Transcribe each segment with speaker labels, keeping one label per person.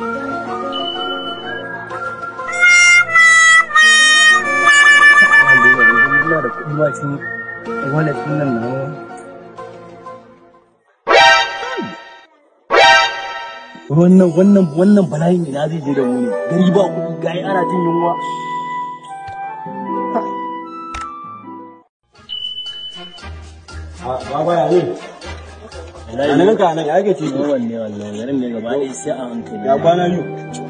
Speaker 1: cikin wallet ɗin nan wannan wannan ina zai je da mu gari ba ana jin yunwa ah, Baba ya a nan ka nan ake ce to wanne wannan garin ne gaba ɗaya sai a hankali ya kwana biyu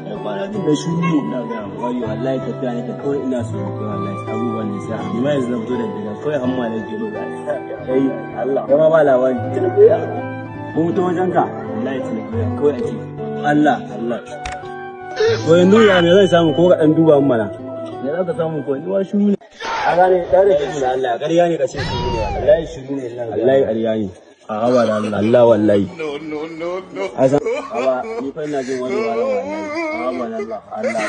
Speaker 1: ya kwana biyu da shi biyu na ga wani wallahi tafiya ne ta kawai ina so ne wallahi abu ne sai amma yanzu zan fito da gida kawai an ma ke jiro da kai Allah kuma ba labari tilbiya mun fito wajen ka wallahi tilbiya kawai ake Allah Allah ko yanzu ya me zai samu ko ka dan duba mun mana me za ka samu ko ni wa shiru ne a gane da da Allah ƙarya ne ka ce shiru ne wallahi shiru ne allah ƙarya ne a haba da Allah Allah wallahi asa haba ni fa ina jin wani Allah Allah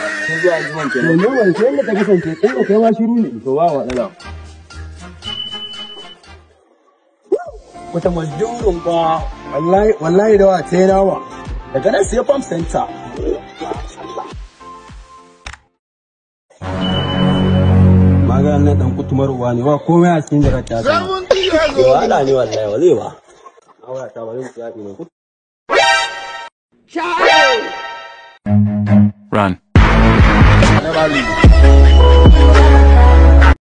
Speaker 1: kenan wani sai ta in ka kai ma wata majurin ba wallahi wallahi da wata yana wa daga nan sai pump center maganin dan kutumar uwa ne wa komai a cikin jarata zai wahala ne wallahi Olha, calma, vai, Tchau! Run.